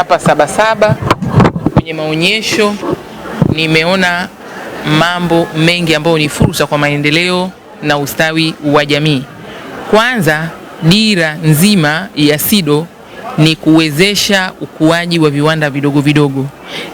hapa Sabasaba kwenye maonyesho, nimeona mambo mengi ambayo ni fursa kwa maendeleo na ustawi wa jamii. Kwanza, dira nzima ya SIDO ni kuwezesha ukuaji wa viwanda vidogo vidogo,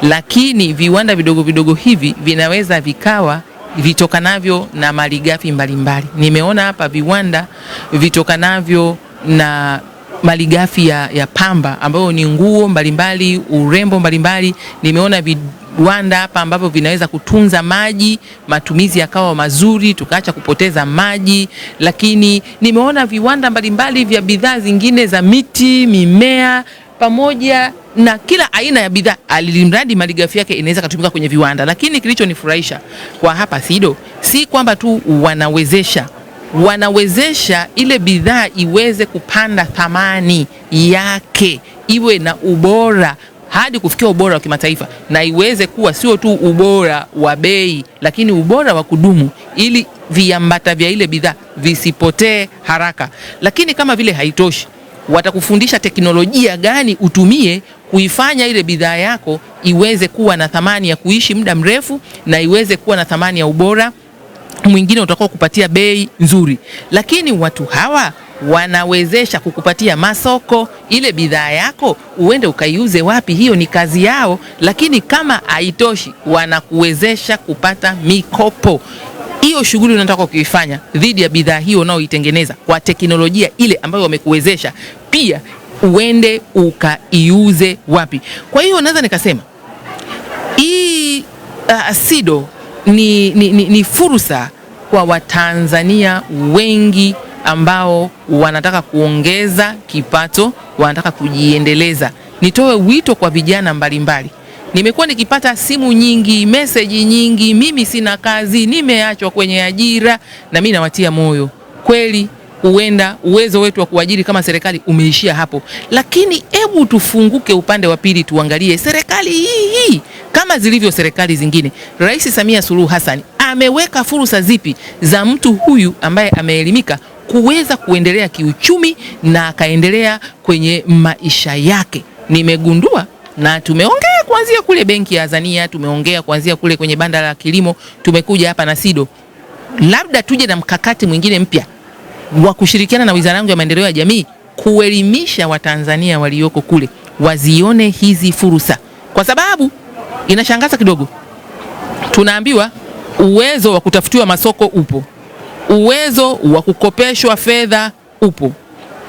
lakini viwanda vidogo vidogo hivi vinaweza vikawa vitokanavyo na malighafi mbalimbali. Nimeona hapa viwanda vitokanavyo na malighafi ya, ya pamba ambayo ni nguo mbalimbali, urembo mbalimbali. Nimeona viwanda hapa ambavyo vinaweza kutunza maji, matumizi yakawa mazuri, tukaacha kupoteza maji. Lakini nimeona viwanda mbalimbali vya bidhaa zingine za miti, mimea pamoja na kila aina ya bidhaa, alimradi malighafi yake inaweza kutumika kwenye viwanda. Lakini kilichonifurahisha kwa hapa SIDO si kwamba tu wanawezesha wanawezesha ile bidhaa iweze kupanda thamani yake, iwe na ubora hadi kufikia ubora wa kimataifa na iweze kuwa sio tu ubora wa bei, lakini ubora wa kudumu, ili viambata vya ile bidhaa visipotee haraka. Lakini kama vile haitoshi, watakufundisha teknolojia gani utumie kuifanya ile bidhaa yako iweze kuwa na thamani ya kuishi muda mrefu na iweze kuwa na thamani ya ubora mwingine utakuwa kupatia bei nzuri, lakini watu hawa wanawezesha kukupatia masoko. Ile bidhaa yako uende ukaiuze wapi, hiyo ni kazi yao. Lakini kama haitoshi, wanakuwezesha kupata mikopo. Hiyo shughuli unataka kuifanya dhidi ya bidhaa hiyo unaoitengeneza kwa teknolojia ile ambayo wamekuwezesha, pia uende ukaiuze wapi. Kwa hiyo naweza nikasema hii uh, SIDO ni, ni, ni, ni fursa kwa Watanzania wengi ambao wanataka kuongeza kipato, wanataka kujiendeleza. Nitoe wito kwa vijana mbalimbali. Nimekuwa nikipata simu nyingi, meseji nyingi, mimi sina kazi, nimeachwa kwenye ajira, na mimi nawatia moyo kweli huenda uwezo wetu wa kuajiri kama serikali umeishia hapo, lakini hebu tufunguke upande wa pili, tuangalie serikali hii hii kama zilivyo serikali zingine. Rais Samia Suluhu Hassan ameweka fursa zipi za mtu huyu ambaye ameelimika kuweza kuendelea kiuchumi na akaendelea kwenye maisha yake. Nimegundua na tumeongea kuanzia kule benki ya Azania, tumeongea kuanzia kule kwenye banda la kilimo, tumekuja hapa na SIDO, labda tuje na mkakati mwingine mpya wa kushirikiana na wizara yangu ya maendeleo ya jamii kuelimisha Watanzania walioko kule wazione hizi fursa, kwa sababu inashangaza kidogo, tunaambiwa uwezo wa kutafutiwa masoko upo, uwezo wa kukopeshwa fedha upo,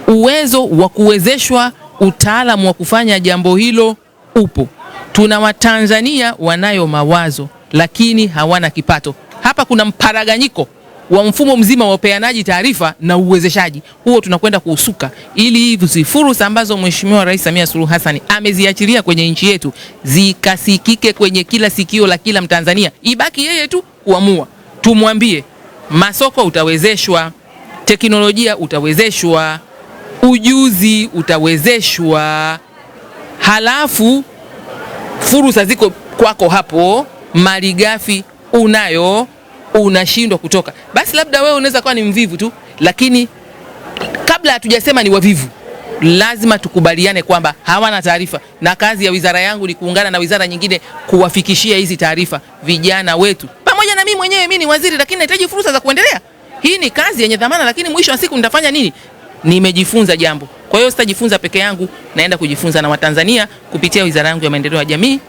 uwezo wa kuwezeshwa utaalamu wa kufanya jambo hilo upo. Tuna Watanzania wanayo mawazo lakini hawana kipato. Hapa kuna mparaganyiko wa mfumo mzima wa upeanaji taarifa na uwezeshaji huo, tunakwenda kuusuka ili hizi fursa ambazo Mheshimiwa Rais Samia Suluhu Hassan ameziachilia kwenye nchi yetu zikasikike kwenye kila sikio la kila Mtanzania, ibaki yeye tu kuamua, tumwambie masoko utawezeshwa, teknolojia utawezeshwa, ujuzi utawezeshwa, halafu fursa ziko kwako hapo, malighafi unayo, unashindwa kutoka. Basi labda wewe unaweza kuwa ni mvivu tu, lakini kabla hatujasema ni wavivu, lazima tukubaliane kwamba hawana taarifa, na kazi ya wizara yangu ni kuungana na wizara nyingine kuwafikishia hizi taarifa vijana wetu mwenyewe mimi ni waziri, lakini nahitaji fursa za kuendelea. Hii ni kazi yenye dhamana, lakini mwisho wa siku nitafanya nini? Nimejifunza jambo. Kwa hiyo sitajifunza peke yangu, naenda kujifunza na Watanzania kupitia wizara yangu ya maendeleo ya jamii,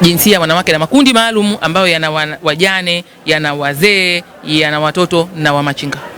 jinsia, wanawake na makundi maalum ambayo yana wajane, yana wazee, yana watoto na wamachinga.